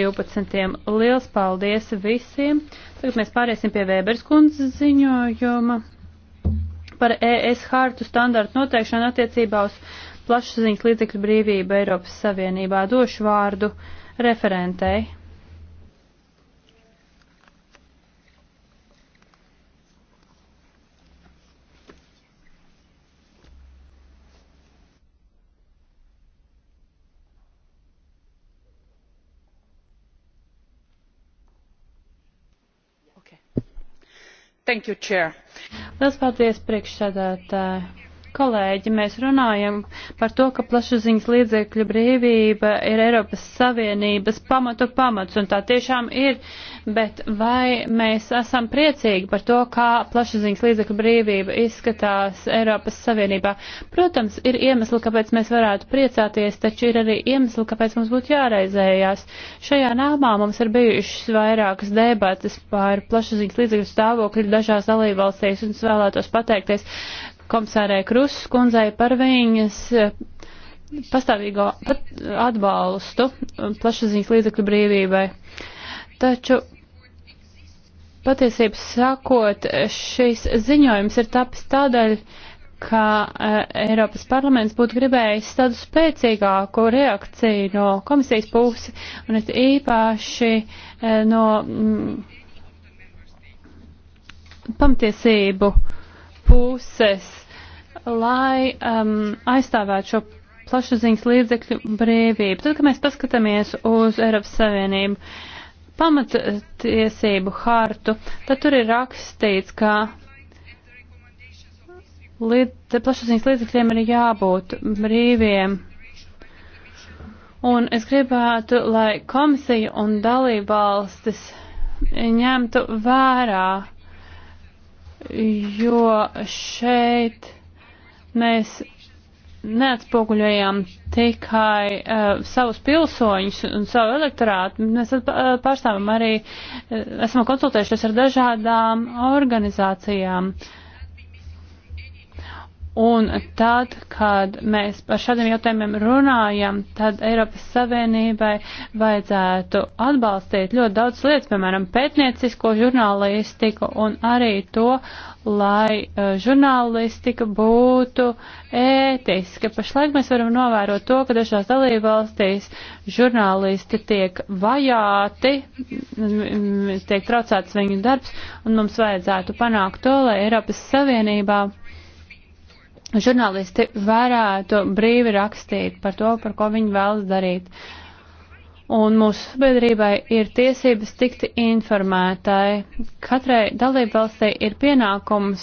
12. Liels paldies visiem! Tagad mēs pāriesim pie Vēbers kundzes ziņojuma par ES hārtu standartu noteikšanu attiecībā uz plašsaziņas līdzekļu brīvību Eiropas Savienībā. Došu vārdu referentei. Thank you, Chair. Liels paldies, priekšsēdētāji. Kolēģi, mēs runājam par to, ka plašsaziņas līdzekļu brīvība ir Eiropas Savienības pamatu pamats, un tā tiešām ir, bet vai mēs esam priecīgi par to, kā plašsaziņas līdzekļu brīvība izskatās Eiropas Savienībā? Protams, ir iemesli, kāpēc mēs varētu priecāties, taču ir arī iemesli, kāpēc mums būtu jāraizējās. Šajā nāmā mums ir bijušas vairākas debatas par plašsaziņas līdzekļu stāvokļu dažās dalībvalstīs, un es vēlētos pateikties komisārai Krusas kundzei par viņas eh, pastāvīgo atbalstu eh, plašsaziņas līdzekļu brīvībai. Taču patiesību sakot, šis ziņojums ir tapis tādēļ, ka uh, Eiropas parlaments būtu gribējis tādu spēcīgāku reakciju no komisijas puses, un it īpaši uh, no mm, pamtiesību puses lai um, aizstāvētu šo plašsaziņas līdzekļu brīvību. Tad, kad mēs paskatāmies uz Eiropas Savienību pamatiesību hartu, tad tur ir rakstīts, ka līd, plašsaziņas līdzekļiem ir jābūt brīviem. Un es gribētu, lai komisija un dalībvalstis ņemtu vērā, jo šeit Mēs neatspoguļojām tikai uh, savus pilsoņus un savu elektorātu, mēs uh, pārstāvam arī, uh, esam konsultējušies ar dažādām organizācijām. Uh, Un tad, kad mēs par šādiem jautājumiem runājam, tad Eiropas Savienībai vajadzētu atbalstīt ļoti daudz lietas, piemēram, pētniecisko žurnālistiku un arī to, lai uh, žurnālistika būtu ētiska. Pašlaik mēs varam novērot to, ka dažās dalībvalstīs žurnālisti tiek vajāti, tiek traucēts viņu darbs, un mums vajadzētu panākt to, lai Eiropas Savienībā žurnālisti varētu brīvi rakstīt par to, par ko viņi vēlas darīt. Un mūsu sabiedrībai ir tiesības tikt informētai. Katrai dalībvalstī ir pienākums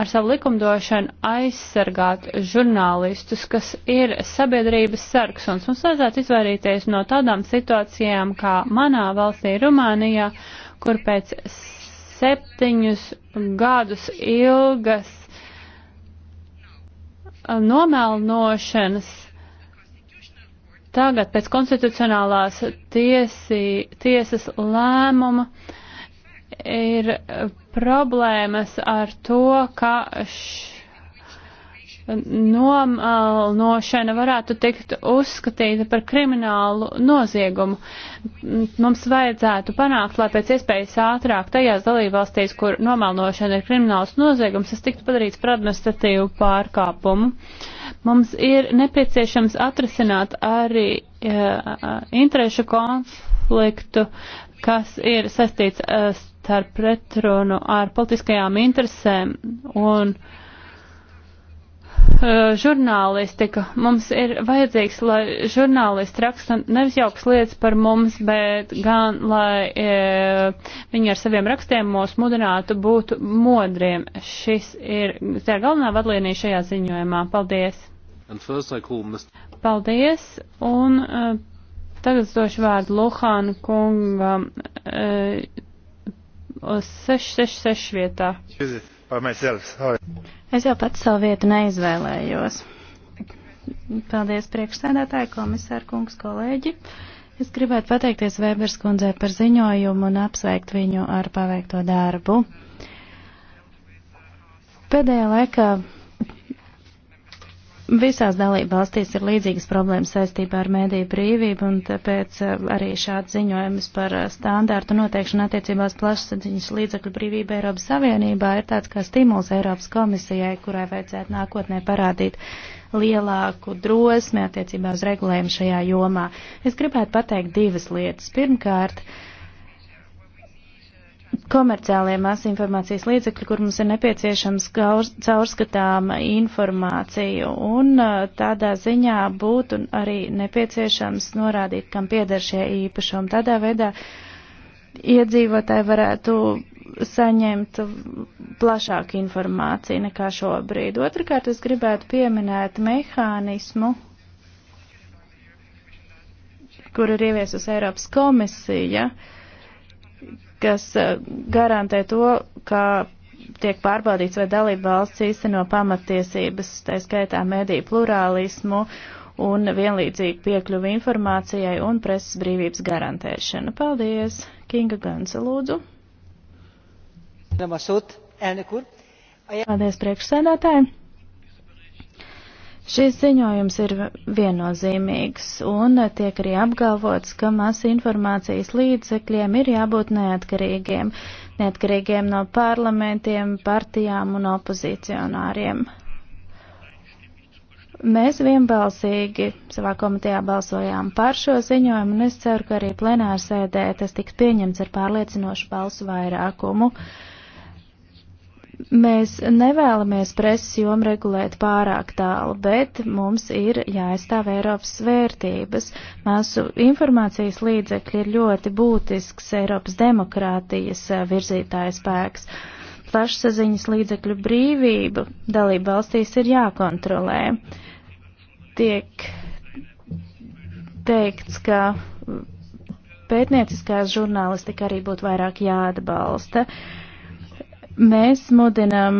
ar savu likumdošanu aizsargāt žurnālistus, kas ir sabiedrības sargs. Un mums vajadzētu izvairīties no tādām situācijām kā manā valstī Rumānijā, kur pēc septiņus gadus ilgas Um, nomēlnošanas tagad pēc konstitucionālās tiesi, tiesas lēmuma ir uh, problēmas ar to, ka š, nomalnošana varētu tikt uzskatīta par kriminālu noziegumu. Mums vajadzētu panākt, lai pēc iespējas ātrāk tajās dalībvalstīs, kur nomalnošana ir krimināls noziegums, tas tiktu padarīts par administratīvu pārkāpumu. Mums ir nepieciešams atrisināt arī e, interešu konfliktu, kas ir saistīts e, starp pretrunu ar politiskajām interesēm un uh, Uh, žurnālistika. Mums ir vajadzīgs, lai žurnālisti raksta nevis jauks lietas par mums, bet gan, lai e, viņi ar saviem rakstiem mūs mudinātu būt modriem. Šis ir, tā ir galvenā vadlīnija šajā ziņojumā. Paldies! Paldies! Un e, tagad es došu vārdu Luhānu kungam e, uz 666 vietā. By myself, sorry. Es jau pats savu vietu neizvēlējos. Paldies priekšsēdētāji, komisāra kungs, kolēģi. Es gribētu pateikties Vēbers kundzē par ziņojumu un apsveikt viņu ar paveikto darbu. Pēdējā laikā Visās dalība valstīs ir līdzīgas problēmas saistībā ar mēdīju brīvību, un tāpēc uh, arī šāds ziņojums par uh, standārtu noteikšanu attiecībās plašsaziņas līdzakļu brīvība Eiropas Savienībā ir tāds kā stimuls Eiropas komisijai, kurai vajadzētu nākotnē parādīt lielāku drosmi attiecībā uz regulējumu šajā jomā. Es gribētu pateikt divas lietas. Pirmkārt, uh, komerciālie masinformācijas līdzekļi, kur mums ir nepieciešams caurskatāma informācija, un uh, tādā ziņā būtu arī nepieciešams norādīt, kam pieder šie īpašumi. Tādā veidā iedzīvotāji varētu saņemt plašāku informāciju nekā šobrīd. Otrakārt, es gribētu pieminēt mehānismu, kur ir ieviesusi Eiropas komisija. Ja? kas eh, garantē to, ka tiek pārbaudīts, vai dalība valsts īsteno pamatiesības, tā skaitā mediju plurālismu un vienlīdzīgu piekļuvu informācijai un presas brīvības garantēšanu. Paldies! Kinga Gansa, lūdzu! Paldies, priekšsēdētāji! Šis ziņojums ir viennozīmīgs un tiek arī apgalvots, ka masu informācijas līdzekļiem ir jābūt neatkarīgiem, neatkarīgiem no parlamentiem, partijām un opozicionāriem. Mēs vienbalsīgi savā komitejā balsojām par šo ziņojumu, un es ceru, ka arī plenārsēdē tas tiks pieņemts ar pārliecinošu balsu vairākumu. Uh, Mēs nevēlamies preses jomu regulēt pārāk tālu, bet mums ir jāaizstāv Eiropas vērtības. Māsu informācijas līdzekļi ir ļoti būtisks Eiropas demokrātijas eh, virzītājs spēks. Plašsaziņas līdzekļu brīvību dalību valstīs ir jākontrolē. Tiek teikts, ka pētnieciskās žurnālistika arī būtu vairāk jāatbalsta. Uh, Mēs mudinām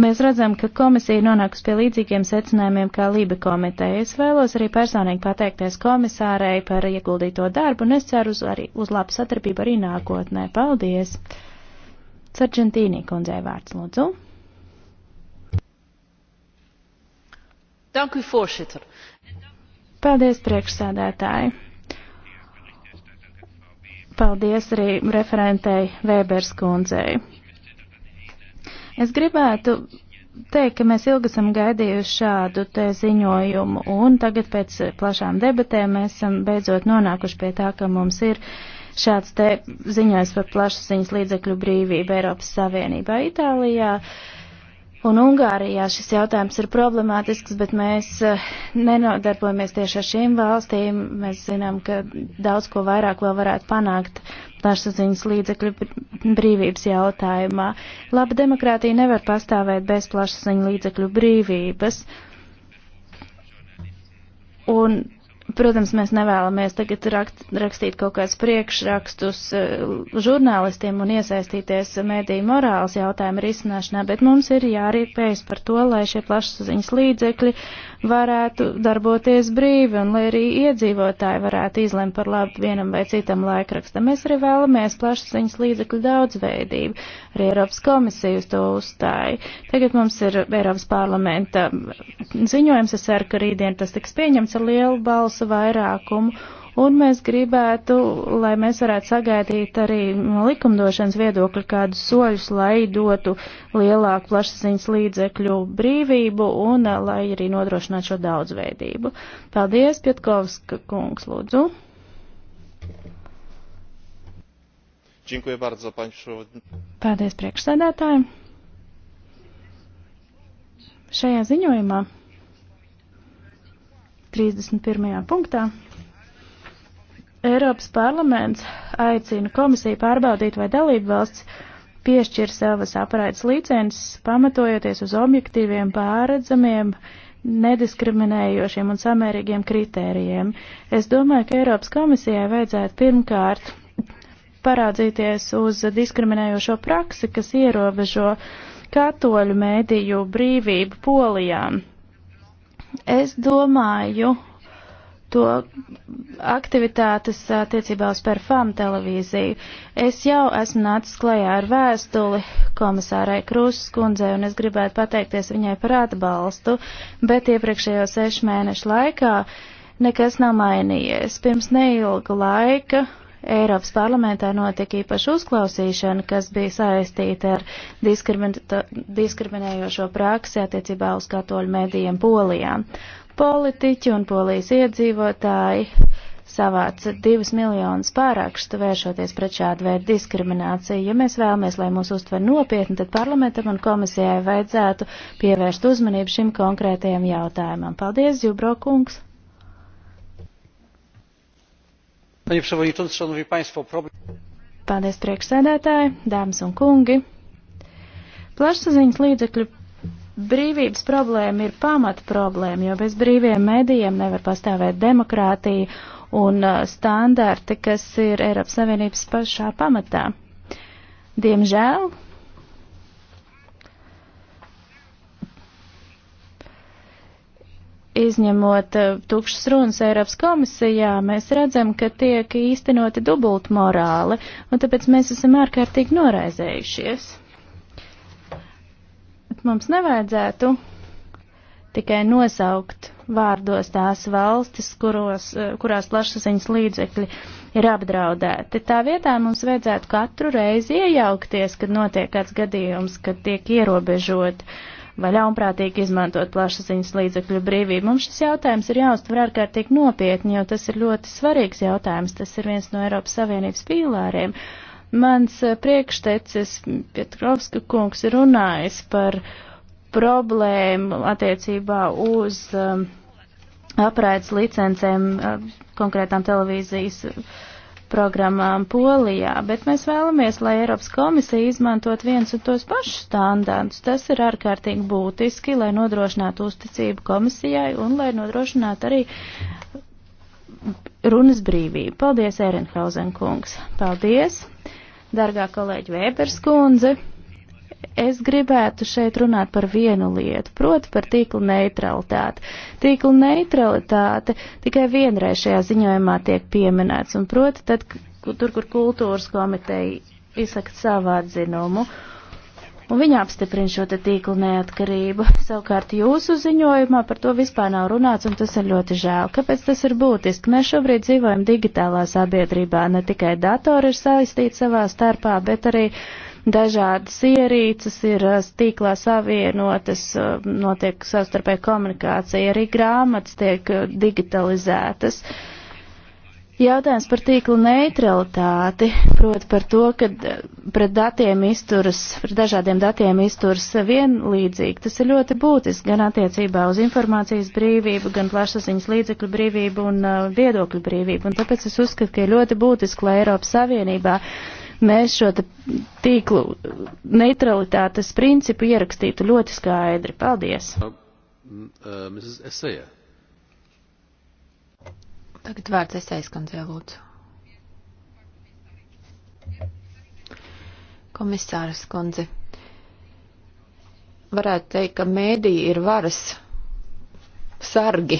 Mēs redzam, ka komisija nonāks pie līdzīgiem secinājumiem kā Lība komiteja. Es vēlos arī personīgi pateikties komisārei par ieguldīto darbu un es ceru uz, arī, uz labu sadarbību arī nākotnē. Paldies! Sargentīnī kundzei vārds lūdzu. Danku, Paldies, priekšsēdētāji! Paldies arī referentei Vēbers kundzei. Es gribētu teikt, ka mēs ilgi esam gaidījuši šādu te ziņojumu, un tagad pēc plašām debatēm mēs esam beidzot nonākuši pie tā, ka mums ir šāds te ziņojums par plašsaziņas līdzekļu brīvību Eiropas Savienībā Itālijā. Uh, Un Ungārijā šis jautājums ir problemātisks, bet mēs eh, nenodarbojamies tieši ar šīm valstīm. Mēs zinām, ka daudz ko vairāk vēl varētu panākt plašsaziņas līdzekļu brīvības jautājumā. Laba demokrātija nevar pastāvēt bez plašsaziņu līdzekļu brīvības. Un Protams, mēs nevēlamies tagad rakt, rakstīt kaut kāds priekšrakstus eh, žurnālistiem un iesaistīties mediju morāls jautājumu risināšanā, bet mums ir jārīpējas par to, lai šie plašsaziņas līdzekļi uh, varētu darboties brīvi un lai arī iedzīvotāji varētu izlemt par labu vienam vai citam laikrakstam. Mēs arī vēlamies plašsaziņas līdzekļu daudzveidību. Arī Eiropas komisija uz to uzstāja. Tagad mums ir Eiropas parlamenta ziņojums. Es ceru, ka rītdien tas tiks pieņemts ar lielu balsu vairākumu Un mēs gribētu, lai mēs varētu sagaidīt arī likumdošanas viedokļu kādus soļus, lai dotu lielāku plašsaziņas līdzekļu brīvību un eh, lai arī nodrošinātu šo daudzveidību. Paldies, Pietkovska kungs, lūdzu. Paldies priekšsēdētājiem. Šajā ziņojumā 31. punktā Eiropas parlaments aicina komisiju pārbaudīt, vai dalību valsts piešķir savas aparātas licences, pamatojoties uz objektīviem, pāredzamiem, nediskriminējošiem un samērīgiem kritērijiem. Es domāju, ka Eiropas komisijai vajadzētu pirmkārt parādzīties uz diskriminējošo praksi, kas ierobežo katoļu mēdīju brīvību polijām. Es domāju, to aktivitātes attiecībā uz perfām televīziju. Es jau esmu nācis klajā ar vēstuli komisārai Krūsas kundzei, un es gribētu pateikties viņai par atbalstu, bet iepriekšējo sešu mēnešu laikā nekas nav mainījies. Pirms neilga laika Eiropas parlamentā notika īpaša uzklausīšana, kas bija saistīta ar diskriminējošo praksi attiecībā uz katoļu medijiem Polijā. Politiķi un polijas iedzīvotāji savāca divus miljonus pārākstu vēršoties pret šādu veidu diskrimināciju. Ja mēs vēlamies, lai mūs uztver nopietni, tad parlamentam un komisijai vajadzētu pievērst uzmanību šim konkrētajam jautājumam. Paldies, Jubro kungs! Paldies, priekšsēdētāji, dāmas un kungi! Plašsaziņas līdzekļu Brīvības problēma ir pamata problēma, jo bez brīviem medijiem nevar pastāvēt demokrātija un uh, standarti, kas ir Eiropas Savienības pašā pamatā. Diemžēl izņemot uh, tukšas runas Eiropas komisijā, mēs redzam, ka tiek īstenoti dubult morāli, un tāpēc mēs esam ārkārtīgi noraizējušies. Mums nevajadzētu tikai nosaukt vārdos tās valstis, kuros, eh, kurās plašsaziņas līdzekļi ir apdraudēti. Tā vietā mums vajadzētu katru reizi iejaukties, kad notiek kāds gadījums, kad tiek ierobežot vai ļaunprātīgi izmantot plašsaziņas līdzekļu brīvību. Mums šis jautājums ir jāuztver ārkārtīgi nopietni, jo tas ir ļoti svarīgs jautājums. Tas ir viens no Eiropas Savienības pīlāriem. Mans eh, priekštecis Pietrovska kungs ir runājis par problēmu attiecībā uz um, apraides licencēm um, konkrētām televīzijas programmām Polijā, bet mēs vēlamies, lai Eiropas komisija izmantot viens un tos pašus standārtus. Tas ir ārkārtīgi būtiski, lai nodrošinātu uzticību komisijai un lai nodrošinātu arī runas brīvību. Paldies, Ērenhausen kungs. Paldies. Dargā kolēģi Vēberskundze, es gribētu šeit runāt par vienu lietu, proti par tīkla neutralitāti. Tīkla neutralitāte tikai vienreiz šajā ziņojumā tiek pieminēts, un proti tad, kur, tur, kur kultūras komiteja izsaka savu atzinumu. Uh, un viņa apstiprina šo te tīklu neatkarību. Savukārt jūsu ziņojumā par to vispār nav runāts, un tas ir ļoti žēl. Kāpēc tas ir būtiski? Mēs šobrīd dzīvojam digitālā sabiedrībā, ne tikai datori ir saistīti savā starpā, bet arī dažādas ierīces ir eh, tīklā savienotas, eh, notiek savstarpēja komunikācija, arī grāmatas tiek eh, digitalizētas. Uh, Jautājums par tīkla neutralitāti, proti par to, ka eh, pret datiem izturas, pret dažādiem datiem izturas vienlīdzīgi, tas ir ļoti būtiski gan attiecībā uz informācijas brīvību, gan plašsaziņas līdzekļu brīvību un uh, viedokļu brīvību. Un tāpēc es uzskatu, ka ir ļoti būtiski, lai Eiropas Savienībā mēs šo tīklu neutralitātes principu ierakstītu ļoti skaidri. Paldies! Uh, uh, Tagad vārds esais kundzē lūdzu. Komisāras kundze, varētu teikt, ka mēdī ir varas sargi,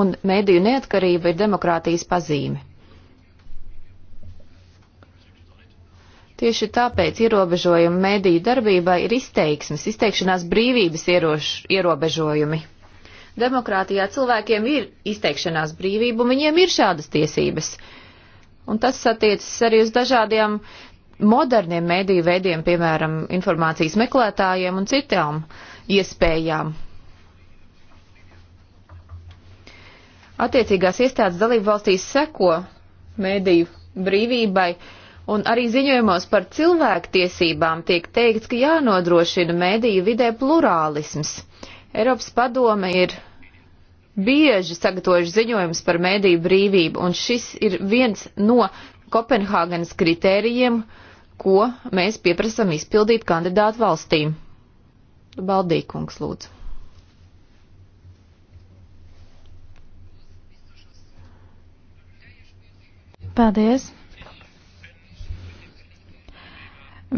un mēdīju neatkarība ir demokrātijas pazīme. Tieši tāpēc ierobežojumi mēdīju darbībai ir izteiksmes, izteikšanās brīvības ieroš, ierobežojumi. Demokrātijā cilvēkiem ir izteikšanās brīvība, un viņiem ir šādas tiesības. Un tas attiecas arī uz dažādiem moderniem mēdīju veidiem, piemēram, informācijas meklētājiem un citām iespējām. Attiecīgās iestādes dalību valstīs seko mēdīju brīvībai, un arī ziņojumos par cilvēktiesībām tiek teikts, ka jānodrošina mēdīju vidē plurālisms. Eiropas padome ir bieži sagatavojuši ziņojumus par mēdīju brīvību, un šis ir viens no Kopenhāgenes kritērijiem, ko mēs pieprasam izpildīt kandidātu valstīm. Baldīkungs, lūdzu. Paldies!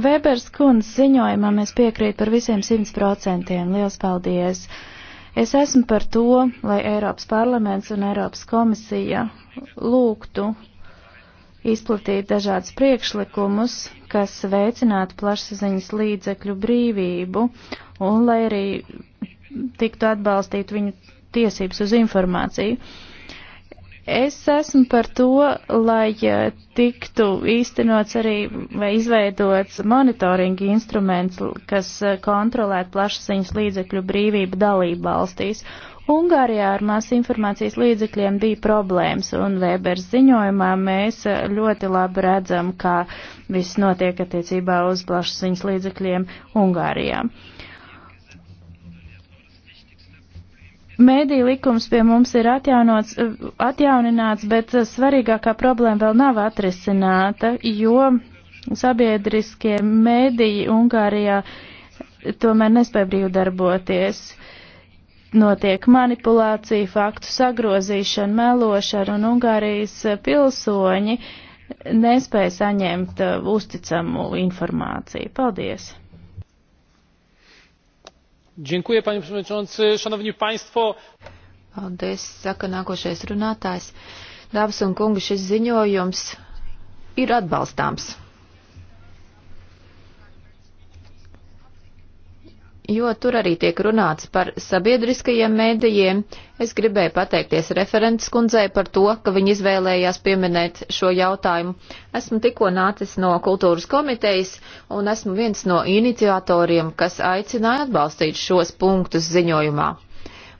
Vēbers kundzes ziņojumā mēs piekrīt par visiem 100%. Liels paldies! Uh, Es esmu par to, lai Eiropas parlaments un Eiropas komisija lūgtu izplatīt dažādas priekšlikumus, kas veicinātu plašsaziņas līdzekļu brīvību un lai arī tiktu atbalstīt viņu tiesības uz informāciju. Es esmu par to, lai eh, tiktu īstenots arī vai izveidots monitoringa instruments, kas eh, kontrolētu plašsaziņas līdzekļu brīvību dalību valstīs. Ungārijā ar mās informācijas līdzekļiem bija problēmas, un Vēbers ziņojumā mēs eh, ļoti labi redzam, kā viss notiek attiecībā uz plašsaziņas līdzekļiem Ungārijā. Uh, Mēdī likums pie mums ir atjaunots, atjaunināts, bet svarīgākā problēma vēl nav atrisināta, jo sabiedriskie mēdīji Ungārijā tomēr nespēja brīvdarboties. Notiek manipulācija, faktu sagrozīšana, melošana un Ungārijas pilsoņi nespēja saņemt uh, uzticamu informāciju. Paldies! panie przewodniczący! szanowni państwo! paldies saka nākošais runātājs. dāmas un kungi šis ziņojums ir atbalstāms. jo tur arī tiek runāts par sabiedriskajiem mēdījiem. Es gribēju pateikties referents kundzei par to, ka viņi izvēlējās pieminēt šo jautājumu. Esmu tikko nācis no kultūras komitejas un esmu viens no iniciatoriem, kas aicināja atbalstīt šos punktus ziņojumā.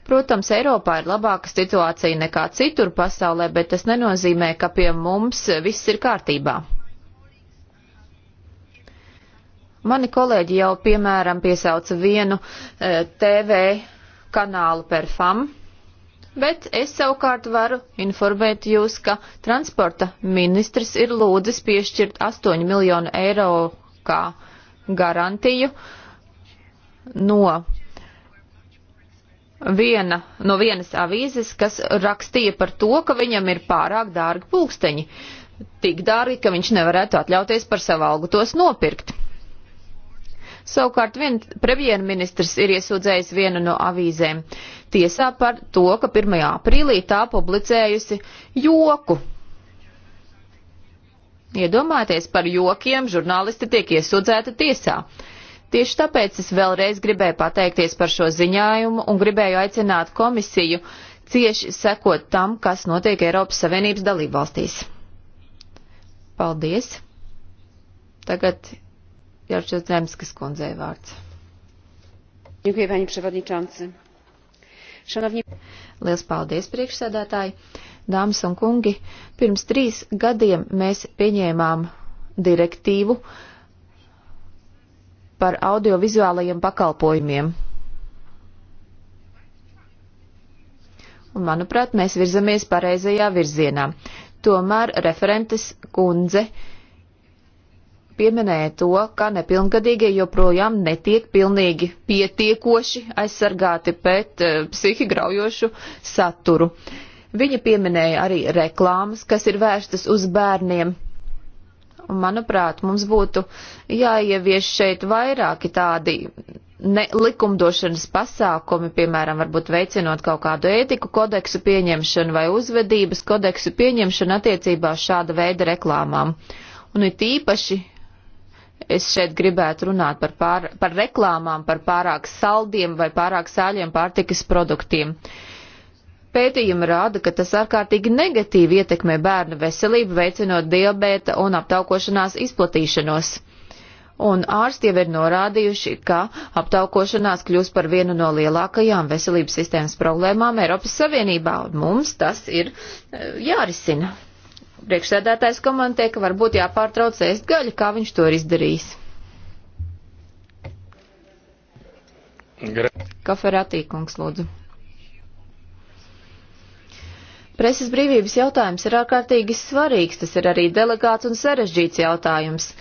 Protams, Eiropā ir labāka situācija nekā citur pasaulē, bet tas nenozīmē, ka pie mums viss ir kārtībā. Mani kolēģi jau, piemēram, piesauca vienu e, TV kanālu per FAM, bet es savukārt varu informēt jūs, ka transporta ministrs ir lūdzis piešķirt 8 miljonu eiro kā garantiju no viena, no vienas avīzes, kas rakstīja par to, ka viņam ir pārāk dārgi pulksteņi. Tik dārgi, ka viņš nevarētu atļauties par savu algu tos nopirkt. Savukārt viens premjerministrs ir iesūdzējis vienu no avīzēm tiesā par to, ka 1. aprīlī tā publicējusi joku. Iedomājieties, par jokiem žurnālisti tiek iesūdzēti tiesā. Tieši tāpēc es vēlreiz gribēju pateikties par šo ziņojumu un gribēju aicināt komisiju cieši sekot tam, kas notiek Eiropas Savienības dalībvalstīs. Paldies! Tagad Jorča Zemskas kundzei vārds. Dziękuję, pani przewodniczący. Šanovņi... Liels paldies, priekšsēdētāji! Dāmas un kungi, pirms trīs gadiem mēs pieņēmām direktīvu par audiovizuālajiem pakalpojumiem. Un, manuprāt, mēs virzamies pareizajā virzienā. Tomēr referentes kundze uh, pieminēja to, ka nepilngadīgie joprojām netiek pilnīgi pietiekoši aizsargāti pret uh, psihi graujošu saturu. Viņa pieminēja arī reklāmas, kas ir vērstas uz bērniem. Un, manuprāt, mums būtu jāievieš šeit vairāki tādi ne, likumdošanas pasākumi, piemēram, varbūt veicinot kaut kādu ētiku kodeksu pieņemšanu vai uzvedības kodeksu pieņemšanu attiecībā uz šāda veida reklāmām. Un it īpaši Es šeit gribētu runāt par, pār, par reklāmām, par pārāk saldiem vai pārāk sāļiem pārtikas produktiem. Pētījumi rāda, ka tas ārkārtīgi negatīvi ietekmē bērnu veselību, veicinot diabēta un aptaukošanās izplatīšanos un ārsti jau ir norādījuši, ka aptaukošanās kļūs par vienu no lielākajām veselības sistēmas problēmām Eiropas Savienībā, un mums tas ir eh, jārisina. Priekšsēdētājs komentē, ka varbūt jāpārtrauc ēst gaļu, kā viņš to ir izdarījis. Kaferatī, kungs, lūdzu. Preses brīvības jautājums ir ārkārtīgi svarīgs, tas ir arī delegāts un sarežģīts jautājums.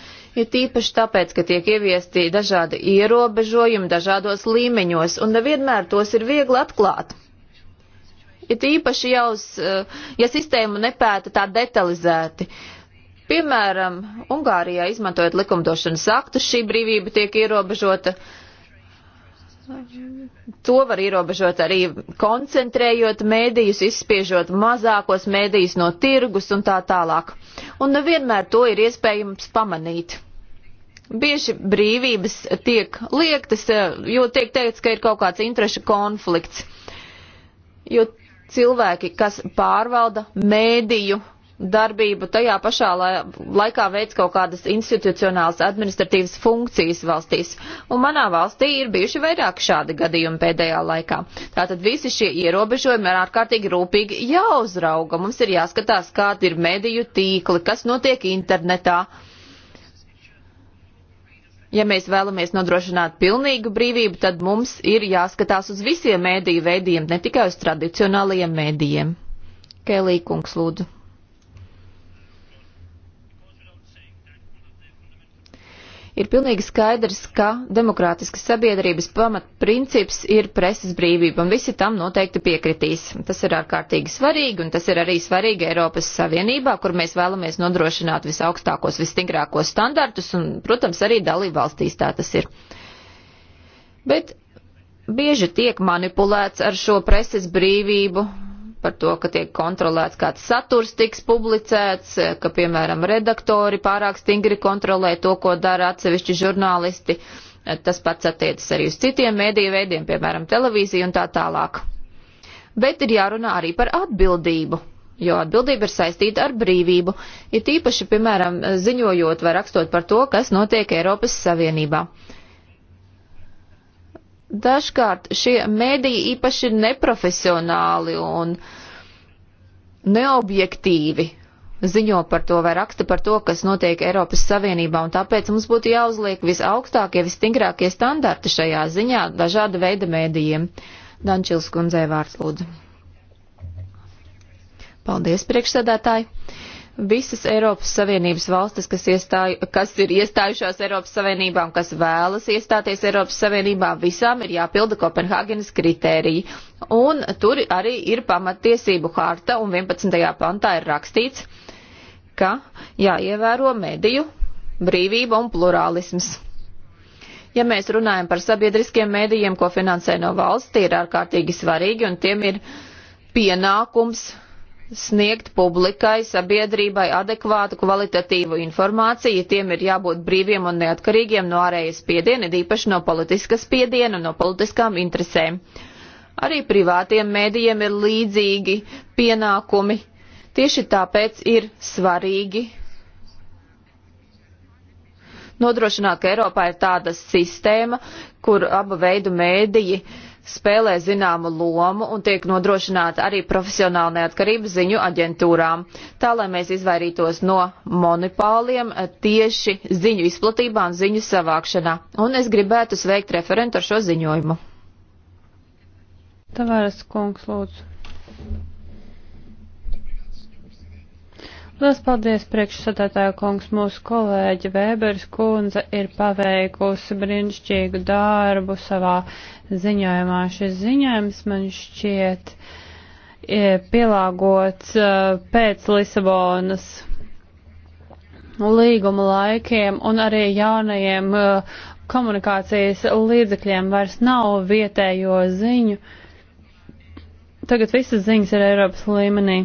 Ir tīpaši tāpēc, ka tiek ieviesti dažādi ierobežojumi dažādos līmeņos, un nevienmēr tos ir viegli atklāt ja tīpaši jau, eh, ja sistēmu nepēta tā detalizēti. Piemēram, Ungārijā izmantojot likumdošanas aktus, šī brīvība tiek ierobežota. To var ierobežot arī koncentrējot mēdījus, izspiežot mazākos mēdījus no tirgus un tā tālāk. Un nevienmēr to ir iespējams pamanīt bieži brīvības tiek liektas, eh, jo tiek teikts, ka ir kaut kāds interešu konflikts. Jo cilvēki, kas pārvalda mēdīju darbību, tajā pašā laikā veids kaut kādas institucionālas administratīvas funkcijas valstīs. Un manā valstī ir bijuši vairāk šādi gadījumi pēdējā laikā. Tātad visi šie ierobežojumi ir ārkārtīgi rūpīgi jāuzrauga. Mums ir jāskatās, kādi ir mediju tīkli, kas notiek internetā. Uh, Ja mēs vēlamies nodrošināt pilnīgu brīvību, tad mums ir jāskatās uz visiem mēdīju veidiem, ne tikai uz tradicionālajiem mēdījiem. Kēlī kungs lūdzu. Ir pilnīgi skaidrs, ka demokrātiskas sabiedrības pamatprincips ir preses brīvība, un visi tam noteikti piekritīs. Tas ir ārkārtīgi svarīgi, un tas ir arī svarīgi Eiropas Savienībā, kur mēs vēlamies nodrošināt visaugstākos, visstingrākos standartus, un, protams, arī dalību valstīs tā tas ir. Bet bieži tiek manipulēts ar šo preses brīvību, par to, ka tiek kontrolēts, kāds saturs tiks publicēts, ka, piemēram, redaktori pārāk stingri kontrolē to, ko dara atsevišķi žurnālisti. Tas pats attiecas arī uz citiem mēdīju veidiem, piemēram, televīziju un tā tālāk. Bet ir jārunā arī par atbildību, jo atbildība ir saistīta ar brīvību, ir tīpaši, piemēram, ziņojot vai rakstot par to, kas notiek Eiropas Savienībā dažkārt šie mēdīji īpaši ir neprofesionāli un neobjektīvi ziņo par to vai raksta par to, kas notiek Eiropas Savienībā, un tāpēc mums būtu jāuzliek visaugstākie, visstingrākie standarti šajā ziņā dažāda veida mēdījiem. Dančils kundzei vārds lūdzu. Paldies, priekšsēdētāji! visas Eiropas Savienības valstis, kas, iestāju, kas ir iestājušās Eiropas Savienībā un kas vēlas iestāties Eiropas Savienībā, visām ir jāpilda Kopenhāgenes kritēriji. Un tur arī ir pamatiesību harta un 11. pantā ir rakstīts, ka jāievēro mediju brīvība un plurālisms. Ja mēs runājam par sabiedriskiem mēdījiem, ko finansē no valsts, tie ir ārkārtīgi svarīgi un tiem ir pienākums sniegt publikai, sabiedrībai adekvātu kvalitatīvu informāciju. Tiem ir jābūt brīviem un neatkarīgiem no ārējas spiediena, īpaši no politiskas spiediena un no politiskām interesēm. Arī privātiem mēdījiem ir līdzīgi pienākumi. Tieši tāpēc ir svarīgi nodrošināt, ka Eiropā ir tāda sistēma, kur abu veidu mēdīji uh, spēlē zināmu lomu un tiek nodrošināta arī profesionāla neatkarība ziņu aģentūrām, tā lai mēs izvairītos no monopāliem eh, tieši ziņu izplatībā un ziņu savākšanā. Un es gribētu sveikt referentu ar šo ziņojumu. Tavares kungs, lūdzu. Lielas paldies priekšsadatāja kungs, mūsu kolēģi Vēbers kundze ir paveikusi brīnišķīgu darbu savā ziņojumā. Šis ziņojums man šķiet e, pielāgots e, pēc Lisabonas līguma laikiem un arī jaunajiem e, komunikācijas līdzekļiem vairs nav vietējo ziņu. Tagad visas ziņas ir Eiropas līmenī.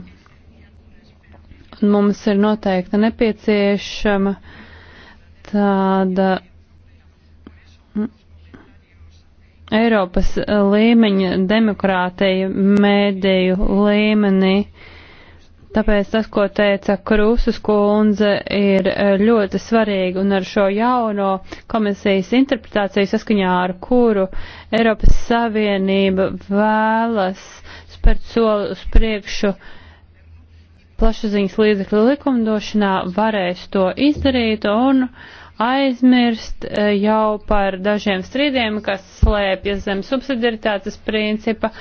Un mums ir noteikti nepieciešama tāda Eiropas līmeņa demokrātija mēdīju līmenī. Tāpēc tas, ko teica Krūsas kundze, ir ļoti svarīgi un ar šo jauno komisijas interpretāciju saskaņā ar kuru Eiropas Savienība vēlas spērt soli uz priekšu uh, plašsaziņas līdzekļu likumdošanā varēs to izdarīt un aizmirst e, jau par dažiem strīdiem, kas slēpjas zem subsidiaritātes principa,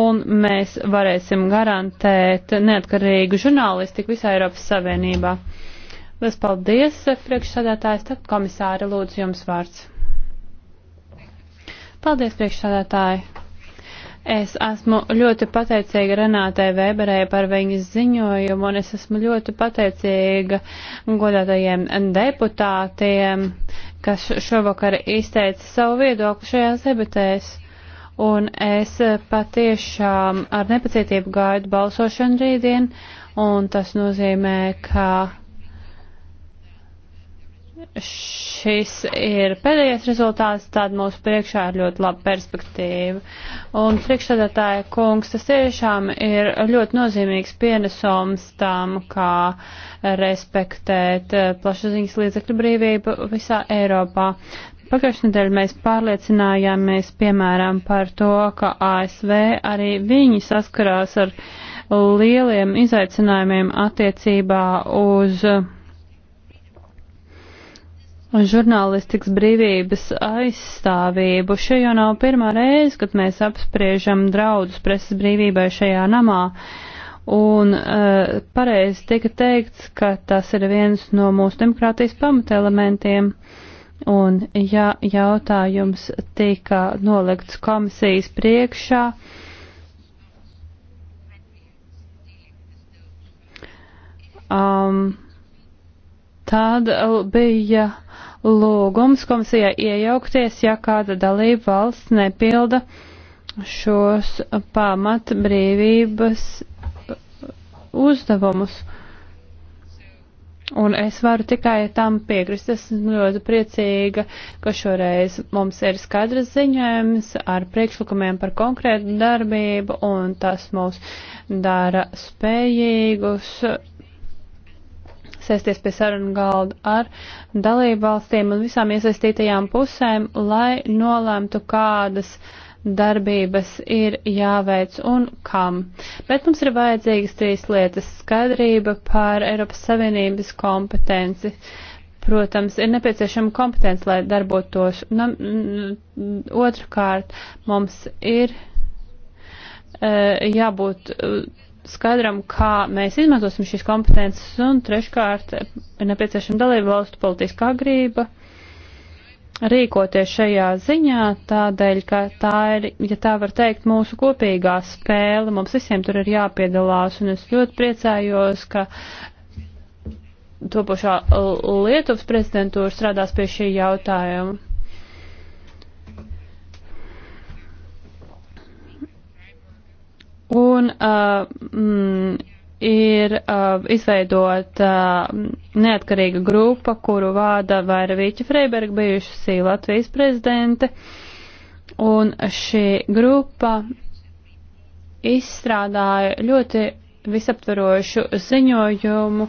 un mēs varēsim garantēt neatkarīgu žurnālistiku visā Eiropas Savienībā. Liels paldies, priekšsādātājs, tad komisāri lūdzu jums vārds. Paldies, priekšsādātāji. Es esmu ļoti pateicīga Renātei Weberei par viņas ziņojumu, un es esmu ļoti pateicīga godātajiem deputātiem, kas šovakar izteica savu viedokli šajās debatēs. Un es patiešām ar nepacietību gaidu balsošanu rītdien, un tas nozīmē, ka šis ir pēdējais rezultāts, tad mūsu priekšā ir ļoti laba perspektīva. Un priekšsēdētāja kungs, tas tiešām ir ļoti nozīmīgs pienesums tam, kā respektēt eh, plašsaziņas līdzekļu brīvību visā Eiropā. Pagājušajā nedēļā mēs pārliecinājāmies, piemēram, par to, ka ASV arī viņi saskarās ar lieliem izaicinājumiem attiecībā uz uh, žurnālistikas brīvības aizstāvību. Šī jau nav pirmā reize, kad mēs apspriežam draudus preses brīvībai šajā namā. Un uh, pareizi tika teikts, ka tas ir viens no mūsu demokrātijas pamatelementiem. Un ja jautājums tika nolikts komisijas priekšā, um, tad bija lūgums komisijai iejaukties, ja kāda dalība valsts nepilda šos pamat brīvības uzdevumus. Un es varu tikai tam piekrist. Esmu ļoti priecīga, ka šoreiz mums ir skaidrs ziņojums ar priekšlikumiem par konkrētu darbību, un tas mūs dara spējīgus sēsties pie sarunu galda ar dalību valstīm un visām iesaistītajām pusēm, lai nolēmtu, kādas darbības ir jāveic un kam. Bet mums ir vajadzīgas trīs lietas - skaidrība par Eiropas Savienības kompetenci. Protams, ir nepieciešama kompetence, lai darbotos. Otrakārt, mums ir e, jābūt e, skaidram, kā mēs izmantosim šīs kompetences, un treškārt ir nepieciešama dalību valstu politiskā grība rīkoties šajā ziņā, tādēļ, ka tā ir, ja tā var teikt, mūsu kopīgā spēle, mums visiem tur ir jāpiedalās, un es ļoti priecājos, ka topošā Lietuvas prezidentūra strādās pie šī jautājuma. Un uh, mm, ir uh, izveidota uh, neatkarīga grupa, kuru vāda Vaira Vīča Freiberga, bijušas Latvijas prezidente. Un šī grupa izstrādāja ļoti visaptverošu ziņojumu,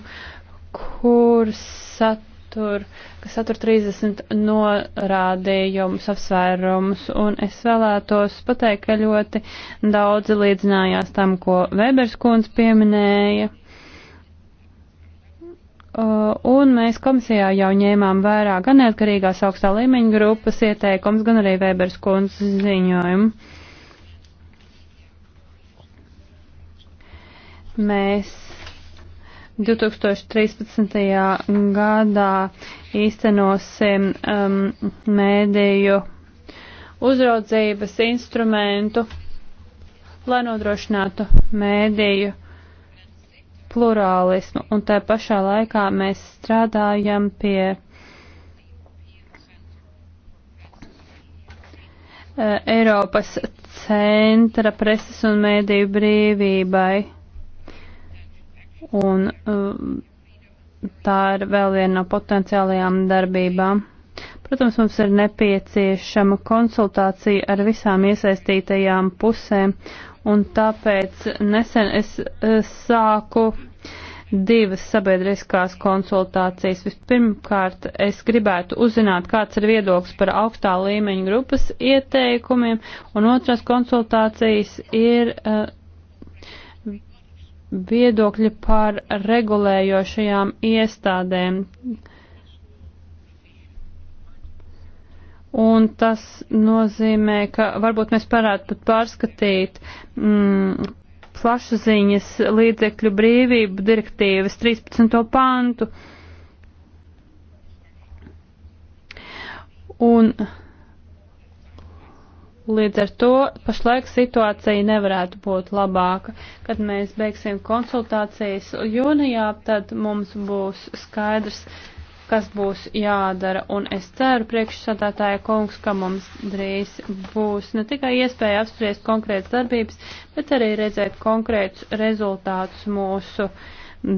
kur sat satur, kas satur 30 norādījumus, apsvērumus, un es vēlētos pateikt, ka ļoti daudzi līdzinājās tam, ko Weberskons pieminēja. Un mēs komisijā jau ņēmām vērā gan neatkarīgās augstā līmeņa grupas ieteikums, gan arī Weberskons ziņojumu. Mēs 2013. gadā īstenosim um, mēdīju uzraudzības instrumentu, lai nodrošinātu mēdīju plurālismu, un tā pašā laikā mēs strādājam pie eh, Eiropas centra preses un mēdīju brīvībai un eh, tā ir vēl viena no potenciālajām darbībām. Protams, mums ir nepieciešama konsultācija ar visām iesaistītajām pusēm, un tāpēc nesen es eh, sāku divas sabiedriskās konsultācijas. Vispirmkārt, es gribētu uzzināt, kāds ir viedoklis par augstā līmeņa grupas ieteikumiem, un otrās konsultācijas ir. Uh, viedokļi par regulējošajām iestādēm. Un tas nozīmē, ka varbūt mēs varētu pat pārskatīt mm, plašsaziņas līdzekļu brīvību direktīvas 13. pantu. Un Līdz ar to pašlaik situācija nevarētu būt labāka. Kad mēs beigsim konsultācijas jūnijā, tad mums būs skaidrs, kas būs jādara. Un es ceru, priekšsādātāja kungs, ka mums drīz būs ne tikai iespēja apspriest konkrētas darbības, bet arī redzēt konkrētus rezultātus mūsu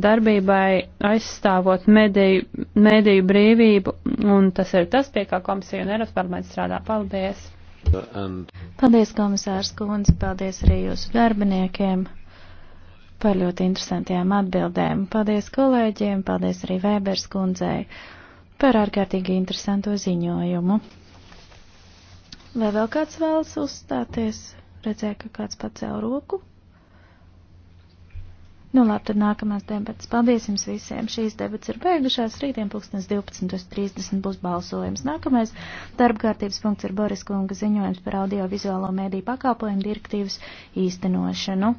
darbībai aizstāvot mediju, mediju brīvību. Un tas ir tas, pie kā komisija un Eiropas parlaments strādā. Paldies! And... Paldies, komisārs Kundze, paldies arī jūsu darbiniekiem par ļoti interesantajām atbildēm. Paldies kolēģiem, paldies arī Vēbers kundzei par ārkārtīgi interesanto ziņojumu. Vai vēl kāds vēlas uzstāties? Redzēju, ka kāds pacēl roku. Nu, labi, tad nākamās debatas. Paldies jums visiem. Šīs debatas ir beigušās. Rītdien 12.30 būs balsojums. Nākamais darbkārtības punkts ir Boris Kunga ziņojums par audiovizuālo mēdīju pakāpojumu direktīvas īstenošanu.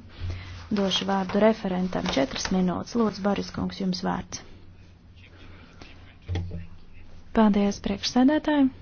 Došu vārdu referentam. Četras minūtes. Lūdzu, Boris Kungs, jums vārds. Paldies, priekšsēdētāji.